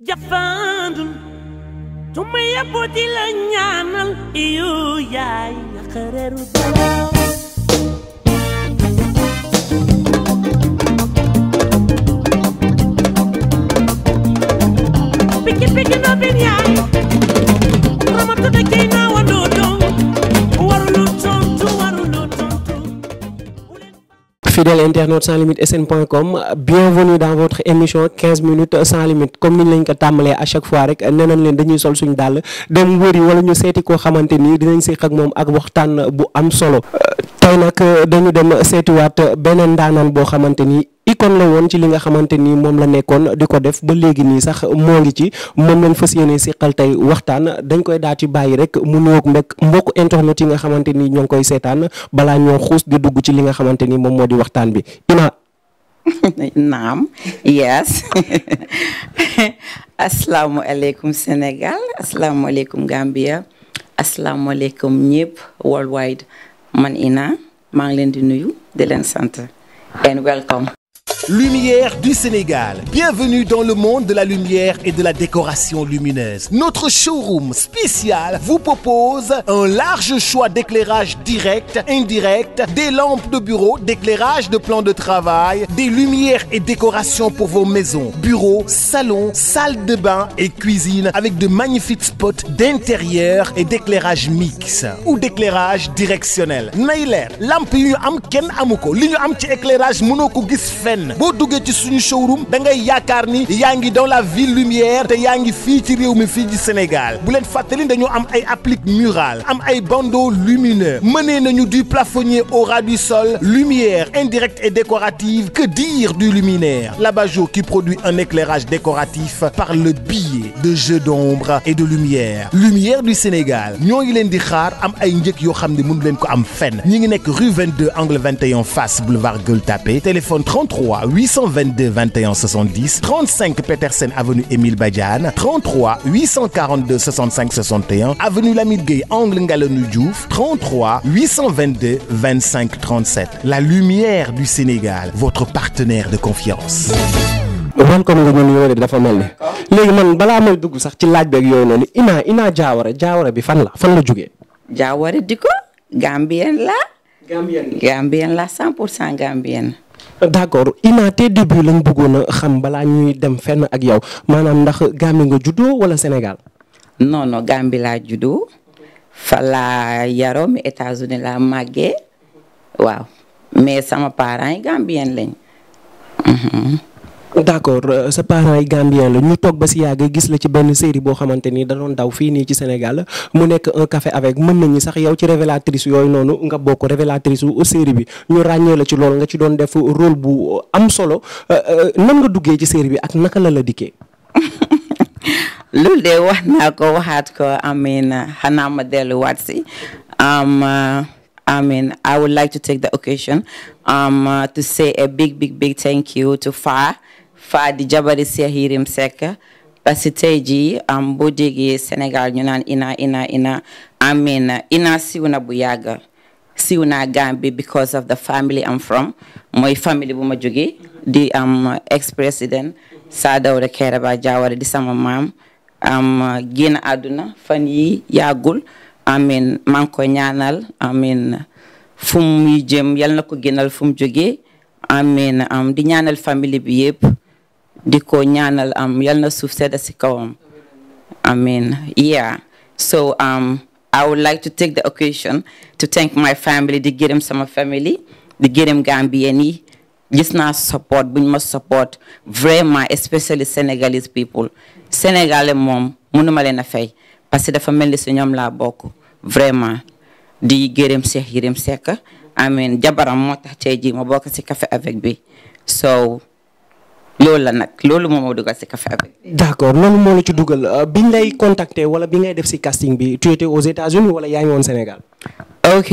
jafandul su ma yeboo di la ñaanal iyo yaay xereeru dalaw piki piki no yaay ramatu da fidèle internaute sans limite sn point com bienvenue dans votre émission minutes sans limite comme niñ lañ ko tàmbalee à chaque fois rek nee leen dañuy sol suñu dàll dem wëri wala ñu seeti koo xamante nii dinañ séq ak moom ak waxtaan bu am solo euh, tey nag euh, dañu dem seetiwaat beneen ndaanaan boo xamante nii icône la woon ci li nga xamante ni moom la nekkoon di ko def ba léegi nii sax moo ngi ci moom lañ fas yéene siqal tey waxtaan dañ koy daa ci bàyyi rek mu nuyoog mbekk mbokk internet yi nga xamante nii ñoo ngi koy seetaan balaa ñoo xuus di dugg ci li nga xamante ni moom moo di waxtaan bi ina naam yes asalaamualeykum Sénégal asalaamualeykum Gambia asalaamualeykum ñëpp worldwide man Ina maa ngi leen di nuyu di leen sant and welcome Lumière du Sénégal. Bienvenue dans le monde de la lumière et de la décoration lumineuse. Notre showroom spécial vous propose un large choix d'éclairage direct, indirect, des lampes de bureau, d'éclairage de plan de travail, des lumières et décorations pour vos maisons, bureaux, salons, salles de bain et cuisine avec de magnifiques spots d'intérieur et d'éclairage mixte ou d'éclairage directionnel. nay leer lamp yu ñu am kenn éclairage mënoo benn boo duggee ci suñu showroom da ngay yaakaar ni yaa ngi dans la ville lumière te yaa ngi fii ci réew mi fii ci Sénégal bu leen fàttali dañoo am ay applique murale am ay bandeau lumineux mënee nañu du plafonnier au ras du sol lumière indirecte et décorative que dire du luminaire l'abat-jour qui produit un éclairage décoratif par le biais de jeux d'ombre et de lumière lumière du Sénégal ñoo ngi leen di xaar am ay njëkk yoo xam ne mënu leen ko am fenn ñi ngi nekk rue 22 angle 21 face boulevard Gueule Tapée téléphone 33 822 21 70 35 Petersen avenue Émile Badiane 33 842 65 61 avenue Lamine Gueye angle Ngalonou Diouf 33 822 25 37 la lumière du Sénégal votre partenaire de confiance. man comme nga ñun yooyu dafa mel ni léegi man balaa may dugg sax ci laaj beeg yooyu noonu Ina Ina Diawara Diawara bi fan la fan la jógee. Diawara di ko Gambien la. Gambien la Gambien la 100 pour cent Gambien. d'accord Ina te début lañ bëggoon xam balaa ñuy dem fenn ak yow maanaam ndax Gambie nga juddoo wala Sénégal. non non Gambie laa juddoo fa laa yaroo mi États-Unis laa màggee waaw mais sama parents yi Gambien lañ. Mhm. d'accord euh, sa parents yi gambien la ñu toog ba si yàgg gis la ci benn série boo xamante ni da doon daw fii nii ci Sénégal mu nekk un café avec mën nañu sax yow ci révélatrice yooyu noonu nga bokk révélatrice u série bi ñu ràññee la ci loolu nga ci doon def rôle bu am solo euh, euh, nan nga duggee ci série bi ak naka la la dikkee loolu de wax naa ko waxaat ko amin xanaa ma delluwaat si I mean, I would like to take the occasion to say a big, big, thank you to FAR Fadi jabari Cheikh Yérim Seck que tey jii am boo déggee Sénégal ñu naan ina ina ina amina ina siw na bu yàgg siw naa Gambie because of the family I'm from mooy family bu ma jógee di am ex président Sir Dawda Kairaba Jawara di sama maam am génn àdduna fan yi yàggul amin maa ngi amin fu muy jëm ko génnal fu mu amin di ñaanal family bi yëpp di ko ñaanal am yal na suuf sedd si kawam amin yeah so um, I would like to take the occasion to thank my family di gërëm sama family di gërëm Gambien yi gis naa support buñ ma support vraiment especially Senegalese people Sénégalais moom mënuma leen a fay parce que dafa mel ni si ñoom laa bokk vraiment di gërëm Cheikh Yérim Seck amiin jabaram moo tax tey jii ma bokk si café avec bi loolu la nag loolu moom moo dugal si café avec. d' loolu moo la ci dugal euh, biñ lay contacter wala bi ngay def si casting bi tu étais aux États-Unis wala yaay ngi woon Sénégal. ok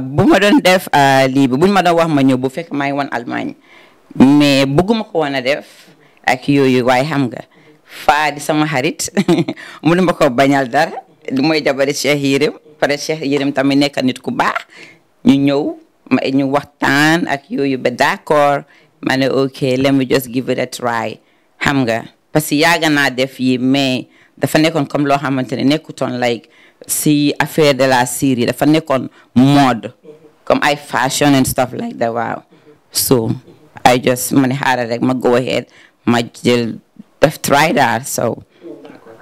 bu ma doon def euh, lii bi buñ ma doon wax ma ñëw bu fekk maa ngi woon Allemagne bëgguma ko woon ak yooyu waaye xam nga faa di sama xarit mënu ma ko bañal dara li mooy dabari Cheikh Yérim pare Cheikh Yérim tamit nekk nit ku baax ñu ñëw ma ñu waxtaan ak yooyu ba d' ma ne ok let me just give it a try xam nga parce que yàgg naa def yi mais dafa nekkoon comme loo xamante ne nekkutoon like si affaire de la série dafa nekkoon mode comme ay fashion and stuff like that waaw so I just ma ne xaaral rek ma go ahead ma jël def try that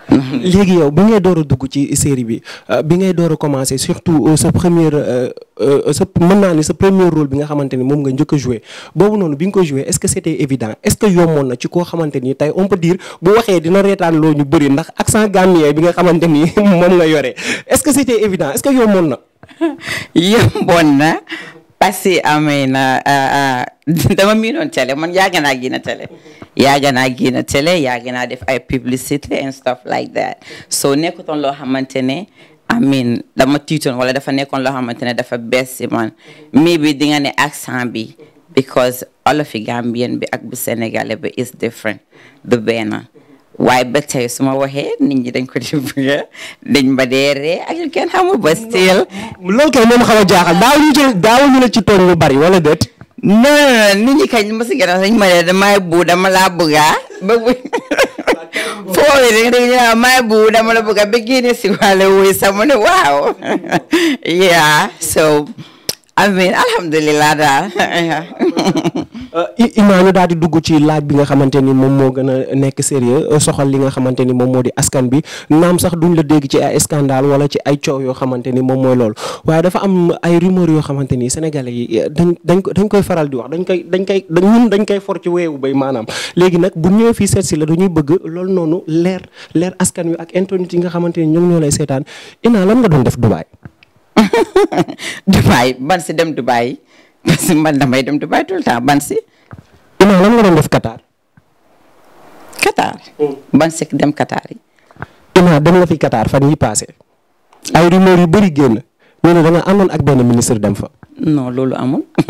Mm-hmm. léegi yow bi ngay door a dugg ci série bi euh, bi ngay door a commencé surtout euh, sa première euh, sa mën naa ni sa premier role bi nga xamante ni moom nga njëkk joue boobu noonu bi nga ko joué est-ce que c'était évident est-ce que yomboon na ci koo xamante ni tey on peut dire bu waxee dina reetaan loo ñu bëri ndax accent gambien bi nga xamante ni moom nga yore est-ce que c'était évident est-ce que yomboon na. yomboon na. Asi amina dama miinoon télé man yàgg naa génn télé yàgg naa génn télé yàgg naa def ay publicité and stuff like loo xamante ne amin dama tiitoon wala dafa nekkoon loo xamante ne dafa bees si man mi bi di nga ne accent bi because olofi Gambien bi ak bu Sénégalais bi is different du benn waaye ba tey su ma waxee nit ñi dañ ko di bëgga dañ ma dee ak yu kenn xamul ba still loolu kay moom xaw a jaaxal daaw ci daaw ñu la ci tooñ lu bari wala déet non non nit ñi ma si gën a dañ ma dee damay bu dama laa bëgga ba bu foofu rek dañ may bu dama la bëgga ba génne si wàlle wuy sama ne waaw yeah so I mean alhamdulilah daal Euh, Ima ñu daal di dugg ci laaj bi nga xamante ni moom moo gën a nekk sérieux euh, soxal li nga xamante ni moom moo di askan bi naam sax duñ la dégg ci ay scandale wala ci ay coow yoo xamante ni moom mooy lool waaye dafa am ay rumeur yoo xamante ni sénégalais yi euh, dañ dañ dañ koy faral di wax dañ koy dañ koy ñun dañ koy for ci weewu bay maanaam léegi nag bu ñëwee fii seet si la dañuy bëgg loolu noonu leer leer askan wi ak internet yi nga xamante ni ñoom ñoo lay seetaan Ina lan nga doon def Dubaay. Dubaay ban si dem Dubaay. parce que man damay dem Dubaï tout le temps ban si. Iman lan nga def Qatar. Qatar. Oh. ban si dem Qatar yi. Iman dem nga fi Qatar fan yi paase. ay rumeur yu bëri génn ñu ne da nga ak benn ministre dem fa. non loolu amul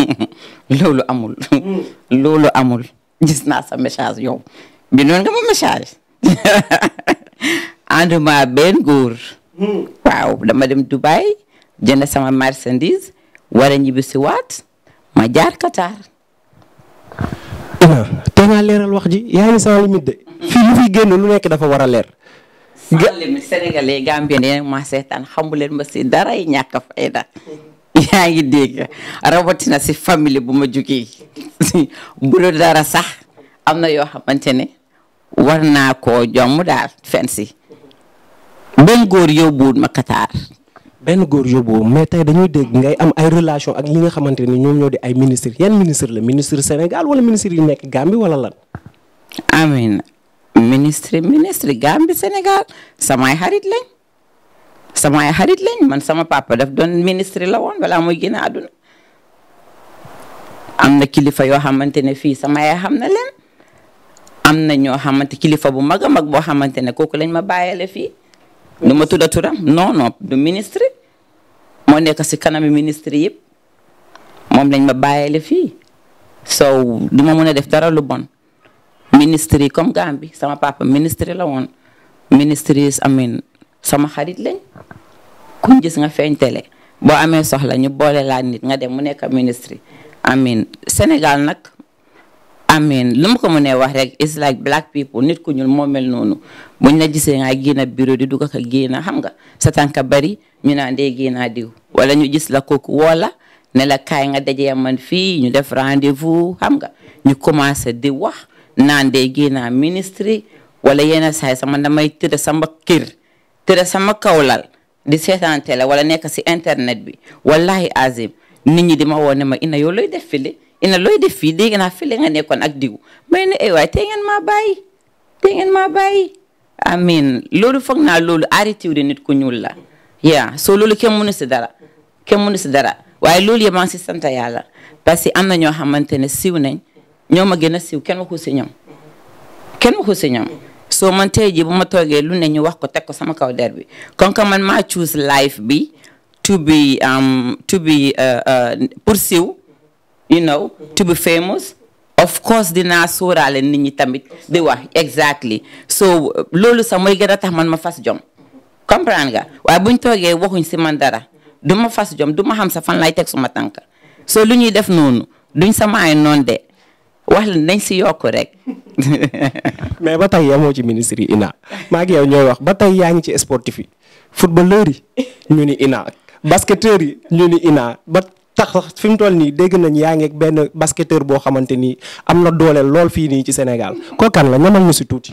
loolu amul. Hmm. loolu amul message yow bindoon nga ma message. ànduma benn góor. Hmm. waaw dama dem Dubaï jënd sama marchandise war a ñibbisi waat. ma jaar Qatar. te ngaa leeral wax ji yaa ngi sans limite de fii lu fiy génn lu nekk dafa war a leer. sans limite sénégalais Gambien yéen ma seetaan xamu leen ma si dara yi ñàkk fayda yaa ngi dégg rawatina si famille bu ma jugee bu dara sax am na yoo xamante ne war naa koo jomm daal fen si. benn góor yow ma Qatar. benn góor yóbbu mais tey dañuy dégg ngay am ay relation ak ñi nga xamante ni ñoom ñoo di ay ministre yan ministre la ministre Sénégal wala ministre yi nekk Gambie wala lan. amiin ministre ministre Gambie Sénégal samay xarit lañ samay xarit lañ man sama papa daf doon ministre la woon balaa muy génn àdduna. am na kilifa yoo xamante ne fii sama yaay xam na leen am na ñoo xamante kilifa bu mag a mag boo xamante ne kooku lañ ma bàyyale fii. nu ma tudda turam non non du ministre moo nekk si kanami ministre yëpp moom lañ ma bàyyile fii so du ma mën a def dara lu bon ministre yi comme Gambie sama papa ministre la woon ministre yi amin sama xarit lañ kuñ gis nga feeñ télé boo amee soxla ñu boole laa nit nga dem mu nekk ministre amin Sénégal nag I mean lu ma ko mënee wax rek it's like black people nit ku ñuul moo noonu buñ la gisee nga génn bureau di dugg ak génn xam nga sa tànka bari ñu naan de génn diw wala ñu gis la kooku woola ne la kaay nga dajee man fii ñu def rendez-vous xam ga ñu commencé di wax naan dee génn ministry wala sa saay sama may tëdd sama kër tëdd sama kawlal di seetaan télé wala nekk si internet bi wallahi azim nit ñi di ma woo ma ina yow looy def fili ina looy def fii dégg naa fii la nga nekkoon ak diw may ne ay eh, waay tey maa bàyyi tey maa bàyyi amin loolu foog naa loolu attitude nit ko ñuul la yaa soo loolu kenn mënu si dara kenn mënu si dara waaye loolu yëpp maa ngi si sant yàlla parce que am na ñoo xamante ne siw nañ ñoo ma gën a siw kenn waxu si ñoom kenn waxu si ñoom soo man tey jii bu ma toogee lu ne ñu wax ko teg ko sama kaw der bi kon que man maa choose life bi to be um, to be uh, uh, you know to be famous of course dinaa sóoraale nit ñi tamit di wax exactly so loolu sax mooy gën a tax man ma fas jom comprendre nga waaye buñ toogee waxuñ si man dara du ma fas jom du ma xam sa fan lay teg ma tànk so lu ñuy def noonu duñ samaay noon de wax la nañ si yokk rek. mais ba tey moo ci ministre yi INA maa ngi yow ñoo wax ba tey yaa ngi ci sportif yi footballeur ñu ni INA basketteur ñu ni INA tax fi mu toll nii dégg nañ yaa ngeeg benn basketteur boo xamante ni am na doole lool fii nii ci Sénégal kookan la ñamal ñu si tuuti.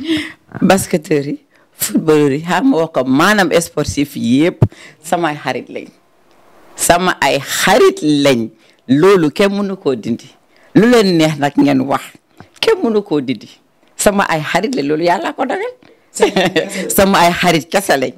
basketteur yi footballeur yi xam wax ko maanaam sportif yëpp samay xarit lañ sama ay xarit loolu kenn mënu koo dindi lu leen neex nag ngeen wax kenn mënu koo dindi sama ay xarit lañ loolu yàlla ko dagal sama ay xarit kese lañ.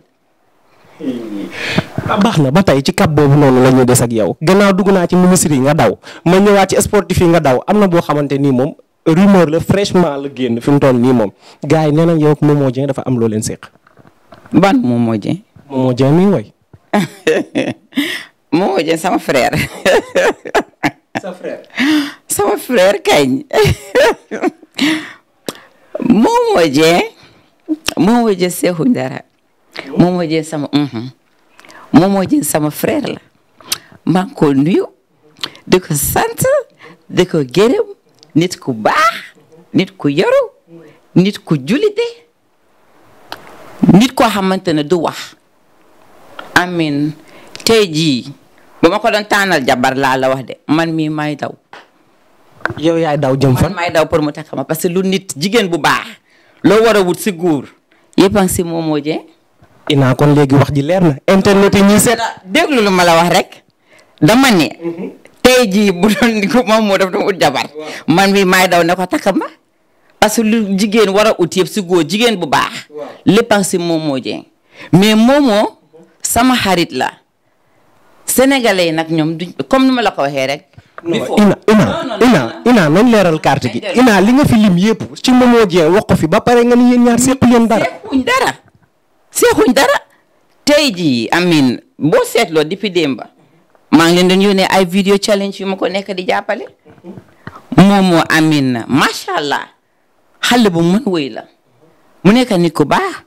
Ah, baax na ba tey ci cap boobu noonu la ñuy des ak yow gannaaw dugg naa ci ministre yi nga daw ma ñëwaat ci sportif yi nga daw am na boo xamante nii moom rumeur la fraîchement la génn fi mu nii moom gars yi nee nañ yow ak Momo Dieng dafa am loo leen séq. ban Momo Dieng. Momo Dieng mi ngi woy. sama frère. sama frère kañ. Momo Dieng. Momo seexuñ dara. Momo Dieng sama. Mhm. Momo Dieng sama frère la maa ko nuyu di sant di ko nit ku baax nit ku yaru nit ku julite nit koo xamante ne du wax amin tey jii ba ma ko doon tànnal jabar laa la wax de man mii may daw. yow yaay daw jëm fan. may daw pour mu takk ma parce que lu nit jigéen bu baax loo war a wut si góor yëpp si Momo Ina kon léegi wax ji leer na internet yi ñuy seet. déglu lu ma la wax rek dama ni mhm. tey ji bu doon moom moo def doon ut jabar man mi maay daw ne ko takk ma parce que lu jigéen war ut yëpp si góor jigéen bu baax. lépp ak si Momo Dieng mais Momo sama xarit la sénégalais yi nag ñoom duñ comme ni ma la ko waxee rek. ina ina nañ leeral carte gi ina li nga fi lim yëpp ci Momo Dieng wax fi ba pare nga ni yéen ñaar sequ leen dara. seexuñ dara tey jii amin boo seetloo depuis démba maa ngi leen doon yónnee ay vidéo challenge yu ma ko nekk di jàppale moomoo amin macha allah xale bu mën wëy la mu nekk ni ku baax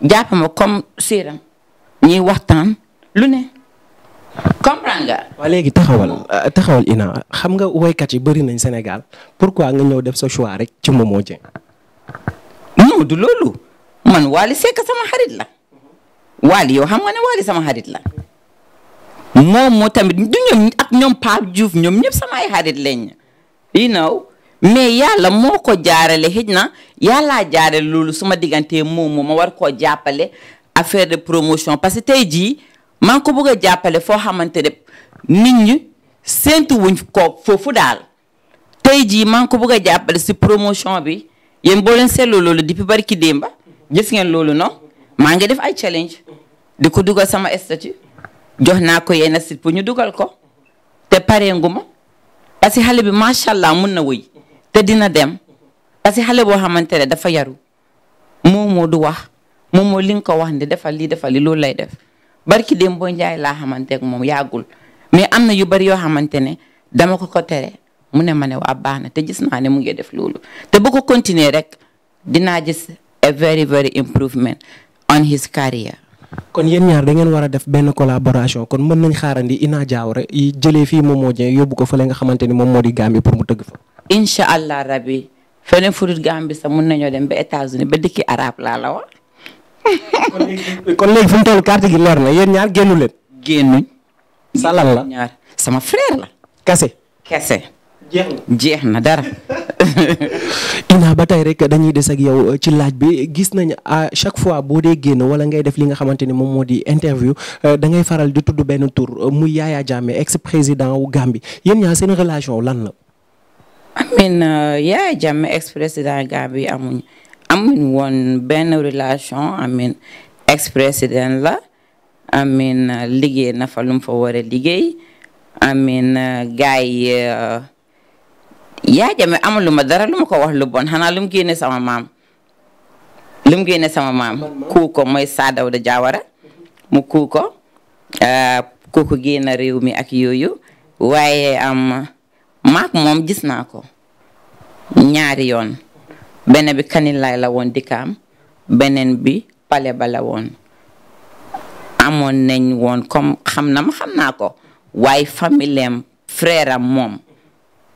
jàppama comme séeram ñuy waxtaan lu ne comprendre nga. waa léegi taxawal euh, taxawal ina xam nga woykat yi bari nañ Sénégal quoi nga ñëw def sa choix rek ci Momo Dieng. non du loolu. man Wally Seck sama xarit la Wally yow xam nga ne Wally sama xarit la moom moo tamit du ñoom ak ñoom Pape Diouf ñoom ñëpp samay xarit lañ you know mais yàlla moo ko jaarale xëj na yàllaa jaarale loolu suma diggante moo moom ma war koo jàppale affaire de promotion parce que tey jii maa ngi ko bëgg a jàppale foo xamante ne nit ñi séntu wuñ ko daal tey jii maa ngi ko si promotion bi yéen boo leen seetloo loolu depuis barki démba gis ngeen loolu non maa ngi def ay challenge di ko dugal sama statut jox naa ko yenn site pour ñu dugal ko te parengu ma parce que xale bi macha allah mun na wëy te dina dem parce que xale boo xamante ne dafa yaru moom moo du wax moom moo li nga ko wax ne defal lii defal lii loolu lay def barki dem boo njaay laa xamante ak moom yàggul mais am na yu bari yoo xamante ne dama ko ko tere mu ne ma ne waa baax na te gis naa ne mu ngi def loolu te bu ko rek dinaa gis a very very improvement on his career. kon yéen ñaar da ngeen war a def benn collaboration kon mën nañ xaarandi Ina Diawara yi jëlee fii moo Dieng yóbbu ko fa fële nga xamante ni moom moo di Gambie pour mu tëgg fa. incha allah rabi feneen furut Gambie sa mun nañoo dem ba États-Unis ba dikki arab laa la wax. kon léegi fu mu toll carte gi leer na yéen ñaar génnu leen. génnuñ. salal la ñaar sama frère la. kese. kese. jeex na dara. Ina ba tey rek dañuy des ak yow euh, ci laaj bi gis nañ à chaque fois boo dee génn wala ngay def li nga xamante ni moom moo di interview euh, da ngay faral di tudd benn tur euh, muy Yaya Jammeh ex président wu Gambie yéen ñaa lan la. amin amuñ amuñ woon benn relation amin ex président la amin liggéey na fa lu mu fa war a liggéey amin gars yaa jame amul lu ma dara lu ko wax lu bon xanaa lu mu génne sama maam lu mu génne sama maam kuu ko mooy Sir mu kuu ko euh, kooku génn réew mi ak yooyu waaye am maak moom gis naa ko ñaari yoon benn bi kanilaay la woon dikkaam benen bi pale ba woon amoon nañ woon comme xam na ma xam naa ko waaye familleem moom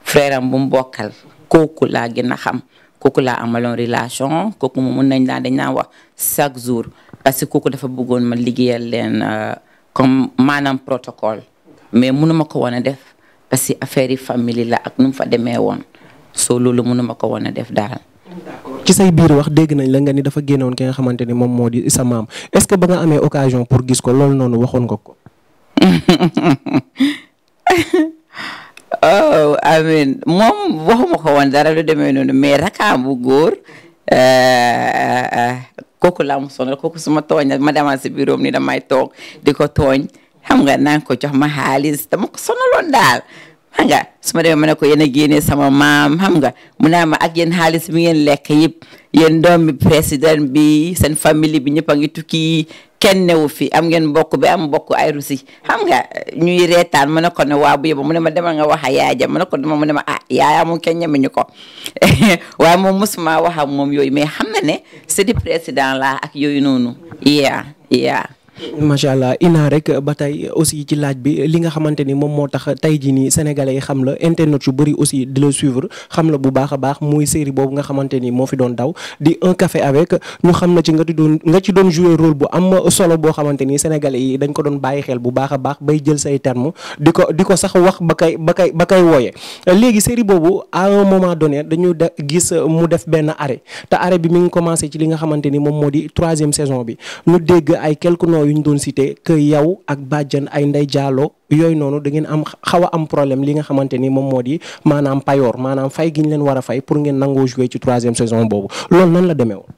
frère am bu mu bokkal kooku laa gën a xam kooku laa amaloon relation kooku mu mun nañ daan dañ naan wax chaque jour parce que kooku dafa bëggoon ma liggéeyal leen euh, comme maanaam protocole mais mënuma ko woon a def parce que affaire yi famille la ak nu mu fa demee woon soo loolu mënuma ko woon a def daal. d'accord ci say biir wax dégg nañ la nga ni dafa génnoon ki nga xamante ni moom moo di sa maam est-ce que ba nga amee occasion pour gis ko loolu noonu waxoon nga ko. oh amin moom waxuma ko woon dara lu demee noonu mais rakaam bu góor eh, eh, eh, kooku laa mu sonal kooku suma tooñ ma demaa si biiroom ni damay toog di ko tooñ xam nga naan ko jox ma xaalis dama ko sonaloon daal xam nga su ma demee ma ko yéen a génnee sama maam xam ga ah, mu na ma ak yéen xaalis bi ngeen lekk yëpp yéen doomi président bi seen famille bi ñëpp a ngi tukki kenn newu fi am ngeen mbokk bi am mbokk ay rusi xam nga ñuy reetaan ma ne ko ne waa bu yóbbu mu ne ma demal nga wax a yaaya ma ne ko dama mu ne ma ah yaaya moom kenn ñemeñu ko waaye moom mosuma wax ak moom yooyu mais xam na ne c'est di président la ak yooyu noonu. yeah yeah. macha allah Ina rek ba tey aussi ci laaj bi li nga xamante ni moom moo tax tey jii ni sénégalais yi xam la internet yu bëri aussi di la suivre xam la bu baax a baax muy série boobu nga xamante ni moo fi doon daw di un café avec xam na ci nga ci doon nga ci doon jouer rôle bu am solo boo xamante ni sénégalais yi dañ ko doon bàyyi xel bu baax baax bay jël say terme di ko di ko sax wax ba kay ba kay ba wooyee léegi série boobu à un moment dañu de gis mu def benn arrêt te arrêt bi mi ngi commencé ci li nga xamante ni moom moo di troisième saison bi ñu dégg ay quelques noms yu ñu doon cité que yow ak bàjjan ay ndey jaalo yooyu noonu da ngeen am xaw am problème li nga xamante ni moom moo di maanaam payoor maanaam fay gi ñu leen war a fay pour ngeen nangoo jouer ci troisième saison boobu loolu nan la demee woon.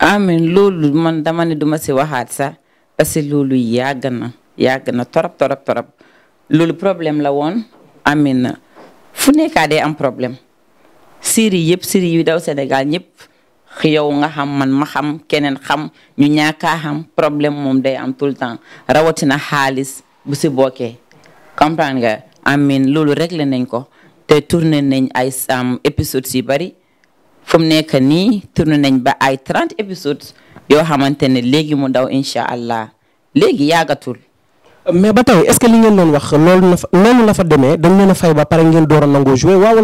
amin loolu man dama ne duma si waxaat sax parce que loolu yàgg na yàgg na torop torop torop loolu problème la woon amin fu nekkaa day am problème série yëpp série yu daw Sénégal ñëpp. yow nga xam man ma xam keneen xam ñu ñàkkaa xam problème moom day am tout le rawatina xaalis bu si bokkee comprendre nga amin loolu réglé nañ ko te tourné nañ ay sam épisodes yu bari fu mu nekk nii tourné nañ ba ay trente épisodes yoo xamante ne léegi mu daw incha allah léegi yaagatul mais ba tey est li ngeen doon wax loolu na fa noonu la fa demee a fay ba pare ngeen door a nangoo joué waaw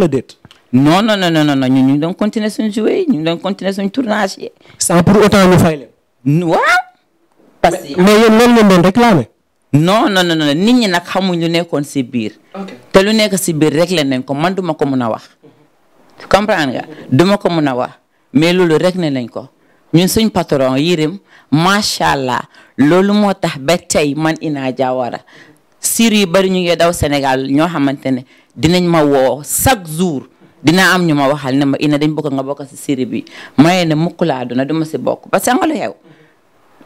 non non non non non ñu ngi doon continuer suñu joué ñu ngi doon continuer suñu tournage yi. sans pour autant ñu fay leen. waaw. parce que mais yéen loolu ngeen doon réclamer. non non non nit ñi nag xamuñ lu nekkoon si biir. te lu nekk si biir rek leen nañ ko man duma ko mun a wax. comprendre nga duma ko mun a wax mais loolu rek ne nañ ko ñun suñ patron Yirim macha allah loolu moo tax ba tey man Ina Jawara sir yu bari ñu ngi daw Sénégal ñoo xamante ne dinañ ma woo chaque jour. dinaa am ñu ma waxal ne ma ina dañ bëgg nga bokk si série bi maye ne mukk laa duna du ma si bokk parce que nga lu xew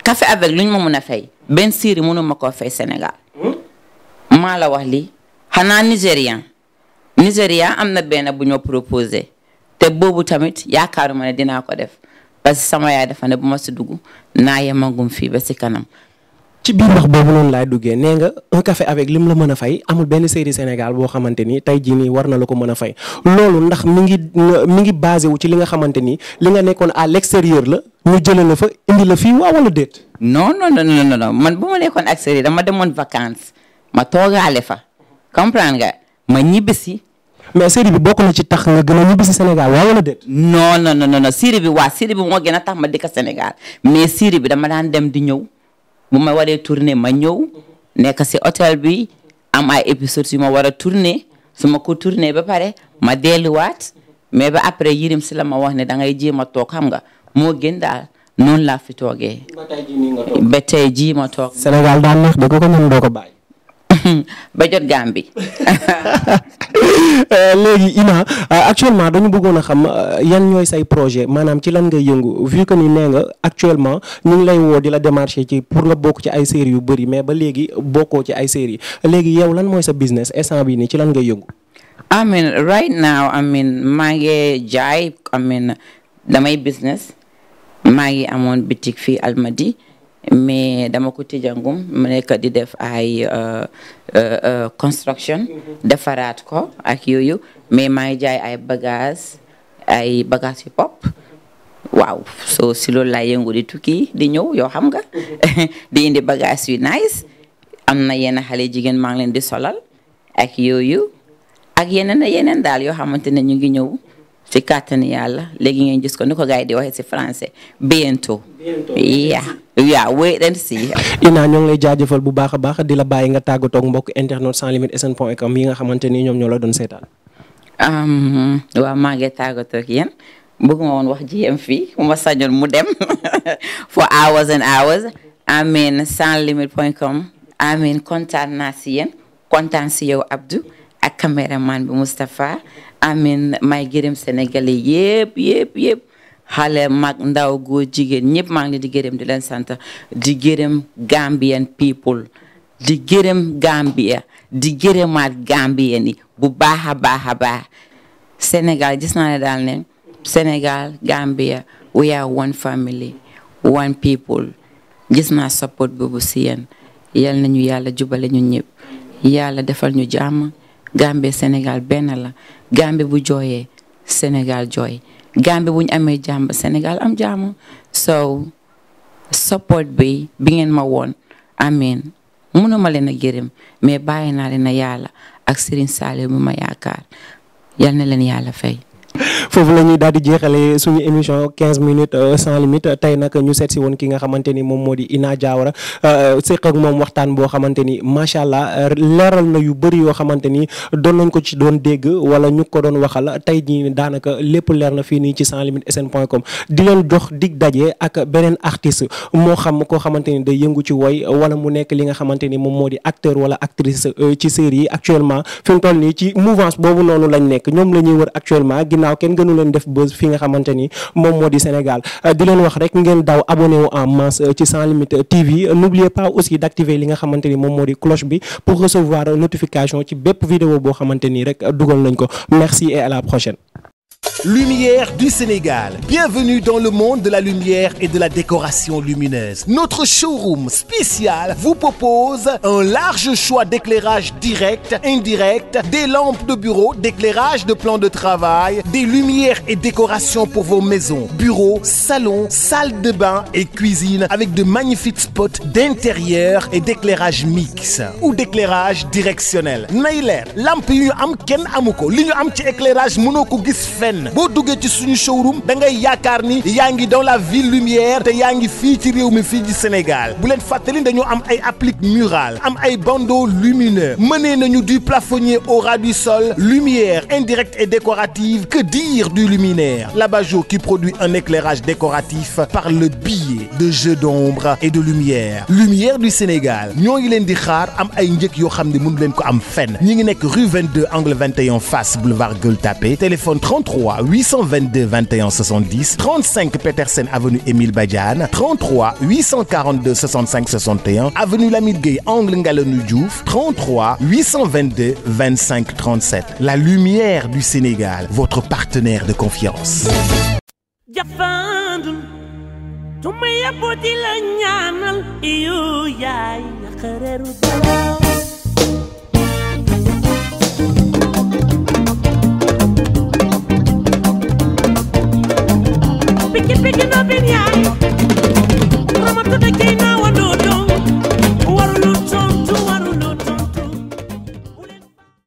café avec luñ ma mun a fay benn série mënu ma koo fay Sénégal hmm? maa la wax li xanaa nigérian nigéria am na benn bu ñoo proposé te boobu tamit yaakaaruma ne dinaa ko def parce que sama yaay dafa ne bu ma si dugg naa yemagum fii ba si kanam ci biir wax boobu noonu laay duggee nee nga un café avec lim la mën a fay amul benn série Sénégal boo xamante ni tey jii nii war na la ko mën a fay loolu ndax mu ngi mi ngi wu ci li nga xamante ni li nga nekkoon à l'extérieur la ñu jëlee la fa indi la fii waa wala déet. non non non non non man ma nekkoon ak série dama demoon ma toogaale fa mais série bi bokk na ci tax nga a ñibbisi Sénégal waa wala déet. non non non non bi waa série bi moo gën a tax ma dëkk Sénégal mais série bi dama daan dem di ñëw. bu ma waree tourner ma ñëw nekk si hôtel bi am ay épisodes ma war a tourner su ma ko tourner ba pare ma delluwaat mais ba après Yirim si la ma wax ne da ngay jéem a toog xam nga moo gën daal noonu laa fi toogee. ba tey jii ma toog. Sénégal daan nax doo ko ba jot gaam bi. Euh, léegi Ina euh, actuellement dañu bëggoon a xam euh, yan ñooy say projet maanaam ci lan ngay yëngu vu que ni nee nga actuellement ñu ngi lay woo di la démarché ci pour nga bokk ci ay séries yu bëri mais ba léegi bokkoo ci ay séries léegi yow lan mooy sa business instant bi ni ci lan nga yëngu. I mean right now I mean maa ngi jaay I mean damay business maa ngi amoon bitik fii Almadi. mais dama ko tijangum mu nekk di def ay euh, euh, euh, construction mhm. defaraat ko ak yooyu mais maa ngi jaay ay bagaas ay bagages yu pop waaw so si loolu laay yëngu di tukki di ñëw yoo xam nga di indi bagages yu nice am na yenn xale jigéen maa ngi leen di solal ak yooyu ak yeneen a yeneen daal yoo xamante ne ñu ngi ñëw ci kàttan yàlla léegi ngeen gis ko ni ko gars yi di waxee ci français bientôt. bientôt lay jaajëfal bu baax a baax di la bàyyi nga tàggatoo ak mbokk internet sans limite sn point com yi nga xamante ni ñoom ñoo la doon seetaan. Um, waaw maa ngi tàggatoo ak yéen woon wax ji yem fii ma sañoon mu dem for hours and hours amin sans limite point com amin kontaan naa si yéen kontaan si yow Abdou ak caméraman bi Moustapha. amin may gërëm sénégalais yëpp yëpp yëpp xale mag ndaw góor jigéen ñëpp maa ngi di gërëm di leen sant di gërëm Gambian people di gërëm Gambia di gërëmaat Gambien yi bu baax a baax a baax Sénégal gis naa ne daal ne Sénégal Gambia we are one family one people gis naa support boobu si yéen yal nañu yàlla jubale ñun ñëpp yàlla defal ñu jàmm Gambia senegal benn la Gambie bu jooyee Sénégal jooy Gambie bu ñu amee jàmm senegal am jàmm so support bi bi ngeen ma woon amiin mënuma leen a gërëm mais bàyyi naa leen a yàlla ak Serigne Saliou mi ma yaakaar yal na leen yàlla fay. foofu la ñuy daal di jeexale suñu émission quinze minutes euh, sans limite tey nag ñu seet woon ki nga xamante ni moom moo di Ina Diawara euh, séq moom waxtaan boo xamante ni macha allah euh, leeral na yu bëri yoo xamante ni doon nañ ko ci doon dégg wala ñu ko doon waxal tey jii daanaka lépp leer na fii nii ci sans limite sn point com di leen jox dig daje ak beneen artiste moo xam koo xamante ni day yëngu ci woy wala mu nekk li nga xamante ni moom moo di acteur wala actrice ci série yi actuellement fi mu nii ci mouvance boobu lañ nekk ñoom la ñuy wër actuellement ginnaaw kenn gënu leen def buzz fi nga xamante ni moom moo di Sénégal euh, di leen wax rek ngeen daw abonné wu en masse euh, ci Sans Limites TV n'oubliez pas aussi d'activer li nga xamante ni moom moo di cloche bi pour recevoir notification ci bépp vidéo boo xamante ni rek dugal nañ ko merci et à la prochaine Lumière du Sénégal. Bienvenue dans le monde de la lumière et de la décoration lumineuse. Notre showroom spécial vous propose un large choix d'éclairage direct, indirect, des lampes de bureau, d'éclairage de plan de travail, des lumières et décorations pour vos maisons, bureaux, salons, salles de bain et cuisine avec de magnifiques spots d'intérieur et d'éclairage mixte ou d'éclairage directionnel. nay leer lamp yu ñu am kenn amu ko li ñu am ci éclairage mënoo ko gis boo duggee ci suñu showroom da ngay yaakaar ni yaa ngi dans la ville lumière te yaa ngi fii ci réew mi fii ci Sénégal bu leen fàttali dañoo am ay applique murale am ay bandeaux lumineux na ñu du plafonnier au ras du sol lumière indirecte et décorative que dire du luminaire l'abat-jour qui produit un éclairage décoratif par le biais de jeux d'ombre et de lumière lumière du Sénégal ñoo ngi leen di xaar am ay njëkk yoo xam ne mënu leen ko am fenn ñi ngi nekk rue 22 angle 21 face boulevard Gueule Tapée téléphone 33 33 822 21 70 35 Petersen avenue Émile Badiane 33 842 65 61 avenue Lamine Gueye angle Ngalonou Diouf 33 822 25 37 la lumière du Sénégal votre partenaire de confiance. jafandu su ma yeboo di la ñaanal Pikin Pikin no be nyai. Mama to the king.